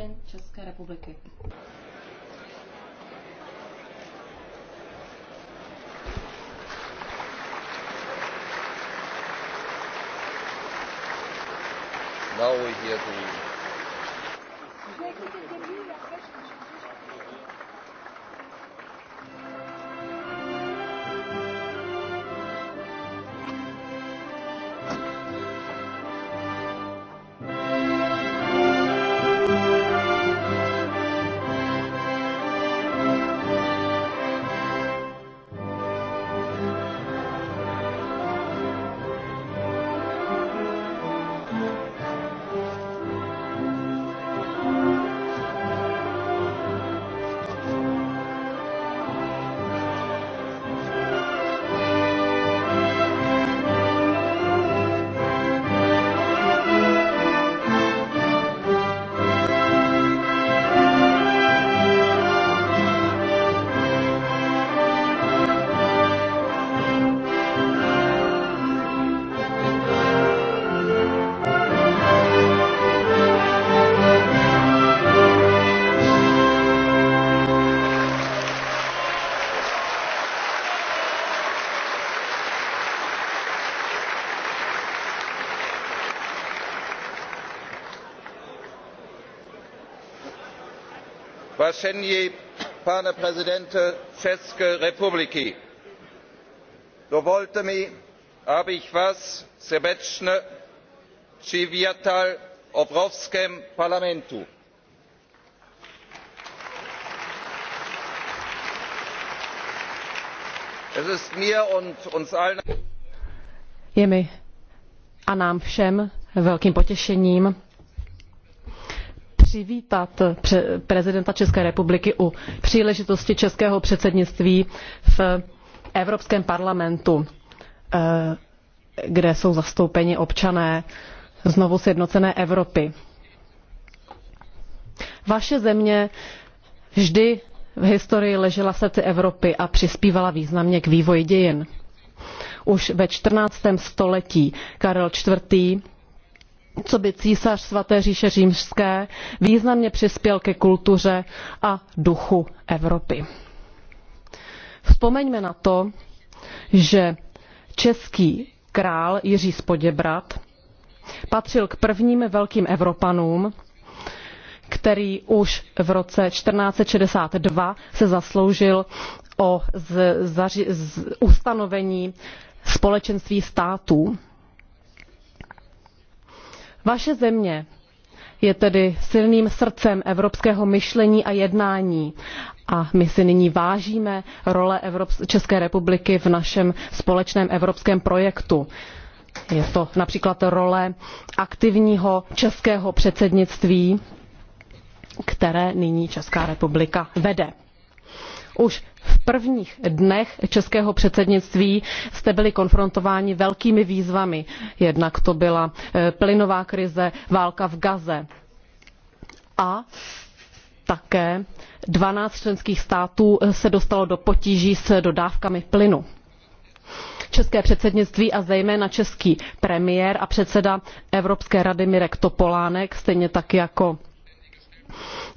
prezident České republiky. Now we hear the... završenje pane prezidente české republiky dovolte mi abych vás srdečně přivítal v evropském parlamentu. je mi a nám všem velkým potěšením přivítat prezidenta České republiky u příležitosti českého předsednictví v Evropském parlamentu, eh, kde jsou zastoupeni občané znovu sjednocené Evropy. Vaše země vždy v historii ležela srdce Evropy a přispívala významně k vývoji dějin. Už ve 14. století Karel IV co by císař svaté říše římské významně přispěl ke kultuře a duchu Evropy. Vzpomeňme na to, že český král Jiří Spoděbrat patřil k prvním velkým Evropanům, který už v roce 1462 se zasloužil o z, zaři, z ustanovení společenství států vaše země je tedy silným srdcem evropského myšlení a jednání. A my si nyní vážíme role České republiky v našem společném evropském projektu. Je to například role aktivního českého předsednictví, které nyní Česká republika vede už v prvních dnech českého předsednictví jste byli konfrontováni velkými výzvami. Jednak to byla eh, plynová krize, válka v Gaze a také 12 členských států eh, se dostalo do potíží s dodávkami plynu. České předsednictví a zejména český premiér a předseda Evropské rady Mirek Topolánek, stejně tak jako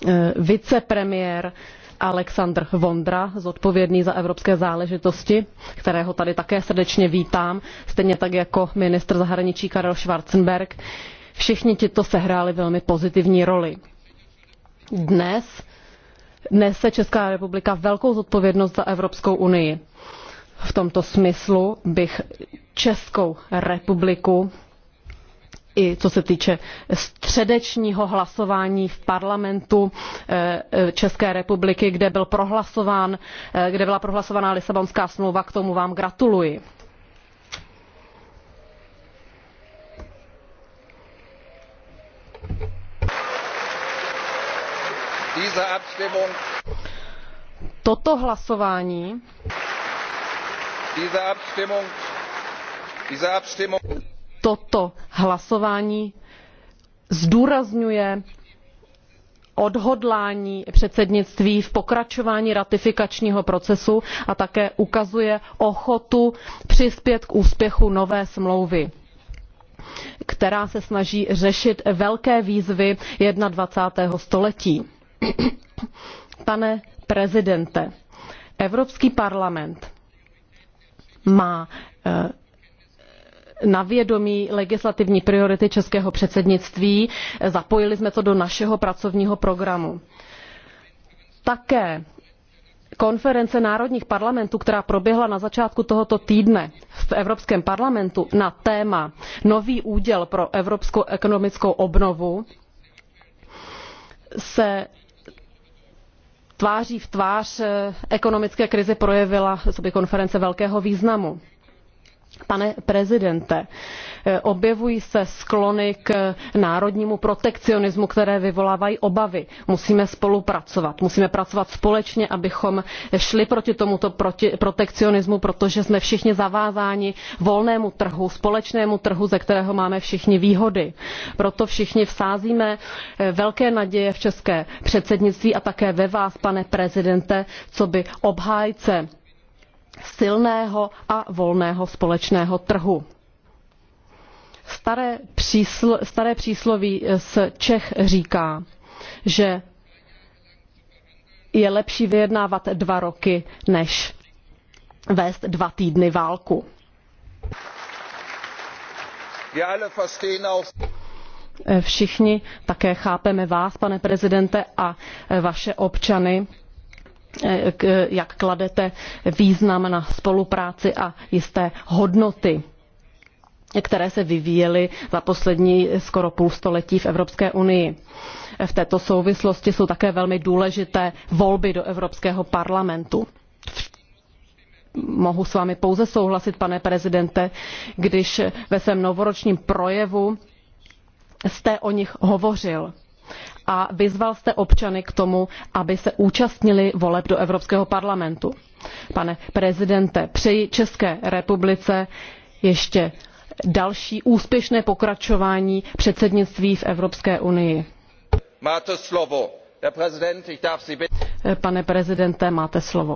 eh, vicepremiér Aleksandr Vondra, zodpovědný za evropské záležitosti, kterého tady také srdečně vítám, stejně tak jako ministr zahraničí Karel Schwarzenberg. Všichni tito sehráli velmi pozitivní roli. Dnes nese Česká republika velkou zodpovědnost za Evropskou unii. V tomto smyslu bych Českou republiku i co se týče středečního hlasování v parlamentu eh, eh, České republiky, kde, byl prohlasován, eh, kde byla prohlasována Lisabonská smlouva, k tomu vám gratuluji. Toto hlasování toto hlasování zdůrazňuje odhodlání předsednictví v pokračování ratifikačního procesu a také ukazuje ochotu přispět k úspěchu nové smlouvy která se snaží řešit velké výzvy jednadvacátého století. Pane prezidente, Evropský parlament má eh, na vědomí legislativní priority českého předsednictví. Zapojili jsme to do našeho pracovního programu. Také konference národních parlamentů, která proběhla na začátku tohoto týdne v Evropském parlamentu na téma nový úděl pro evropskou ekonomickou obnovu, se tváří v tvář eh, ekonomické krizi projevila sobě konference velkého významu. Pane prezidente, eh, objevují se sklony k eh, národnímu protekcionismu, které vyvolávají obavy. Musíme spolupracovat, musíme pracovat společně, abychom šli proti tomuto proti protekcionismu, protože jsme všichni zavázáni volnému trhu, společnému trhu, ze kterého máme všichni výhody. Proto všichni vsázíme eh, velké naděje v české předsednictví a také ve vás, pane prezidente, co by obhájce silného a volného společného trhu. Staré, přísl, staré přísloví z Čech říká, že je lepší vyjednávat dva roky, než vést dva týdny válku. Všichni také chápeme vás, pane prezidente, a vaše občany, Eh, jak kladete význam na spolupráci a jisté hodnoty které se vyvíjely za poslední skoro půl století v Evropské unii. V této souvislosti jsou také velmi důležité volby do Evropského parlamentu. Mohu s vámi pouze souhlasit, pane prezidente, když ve svém novoročním projevu jste o nich hovořil a vyzval jste občany k tomu, aby se účastnili voleb do Evropského parlamentu. Pane prezidente, přeji České republice ještě další úspěšné pokračování předsednictví v Evropské unii. Máte slovo. Pane prezidente, máte slovo.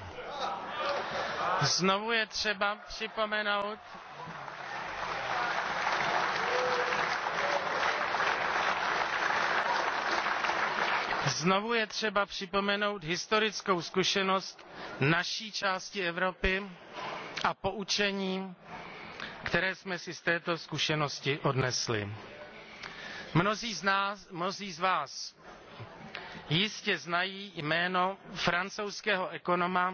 Znovu je třeba připomenout, Znovu je třeba připomenout historickou zkušenost naší části Evropy a poučení, které jsme si z této zkušenosti odnesli. Mnozí z, nás, mnozí z vás jistě znají jméno francouzského ekonoma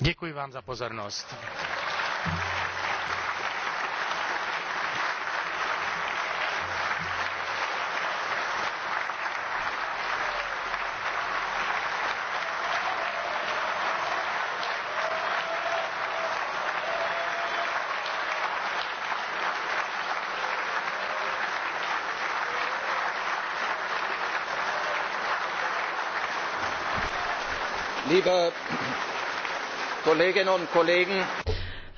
Děkuji vám za pozornost. Liebe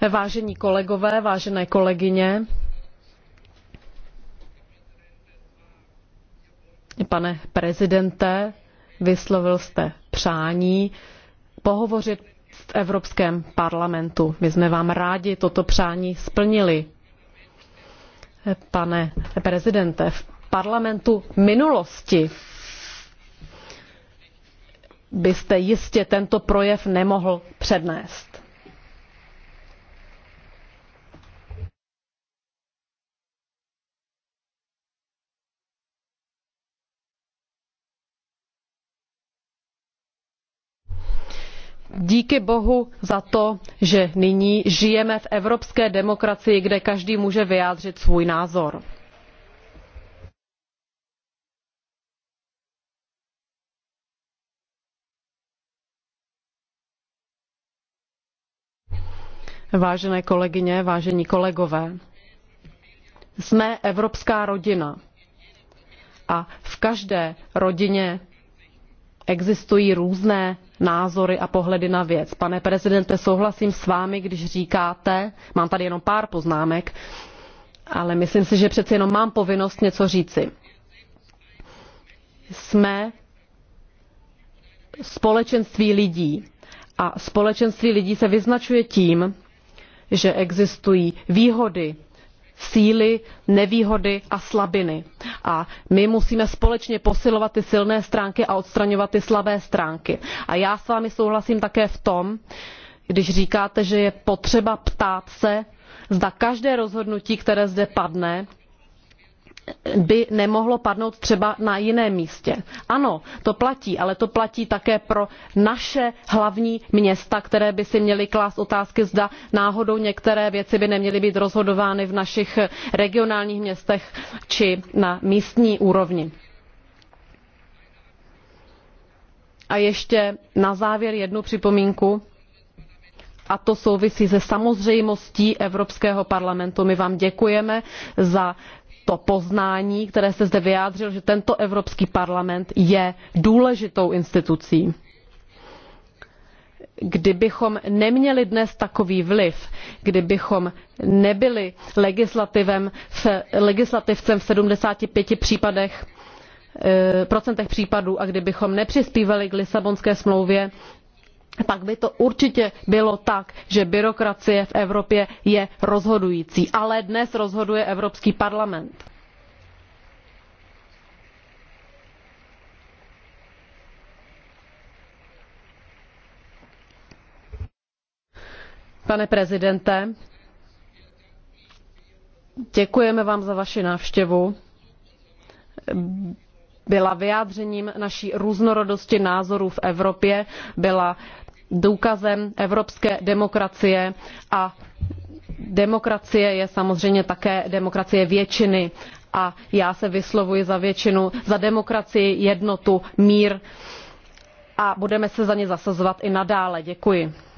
Vážení kolegové, vážené kolegyně, pane prezidente, vyslovil jste přání pohovořit v Evropském parlamentu. My jsme vám rádi toto přání splnili. Pane prezidente, v parlamentu minulosti byste jistě tento projev nemohl přednést. díky bohu za to že nyní žijeme v evropské demokracii kde každý může vyjádřit svůj názor. vážené kolegyně, vážení kolegové. Jsme evropská rodina a v každé rodině existují různé názory a pohledy na věc. Pane prezidente, souhlasím s vámi, když říkáte, mám tady jenom pár poznámek, ale myslím si, že přeci jenom mám povinnost něco říci. Jsme společenství lidí a společenství lidí se vyznačuje tím, že existují výhody síly nevýhody a slabiny a my musíme společně posilovat ty silné stránky a odstraňovat ty slabé stránky. a já s vámi souhlasím také v tom když říkáte že je potřeba ptát se zda každé rozhodnutí které zde padne by nemohlo padnout třeba na jiném místě. Ano, to platí, ale to platí také pro naše hlavní města, které by si měly klást otázky, zda náhodou některé věci by neměly být rozhodovány v našich regionálních městech či na místní úrovni. A ještě na závěr jednu připomínku a to souvisí se samozřejmostí Evropského parlamentu. My vám děkujeme za to poznání, které jste zde vyjádřil, že tento Evropský parlament je důležitou institucí. Kdybychom neměli dnes takový vliv, kdybychom nebyli legislativem v, legislativcem v 75 případech, eh, procentech případů a kdybychom nepřispívali k Lisabonské smlouvě, pak by to určitě bylo tak, že byrokracie v Evropě je rozhodující. Ale dnes rozhoduje Evropský parlament. Pane prezidente, děkujeme vám za vaši návštěvu. Byla vyjádřením naší různorodosti názorů v Evropě, byla důkazem evropské demokracie a demokracie je samozřejmě také demokracie většiny a já se vyslovuji za většinu, za demokracii, jednotu, mír a budeme se za ně zasazovat i nadále. Děkuji.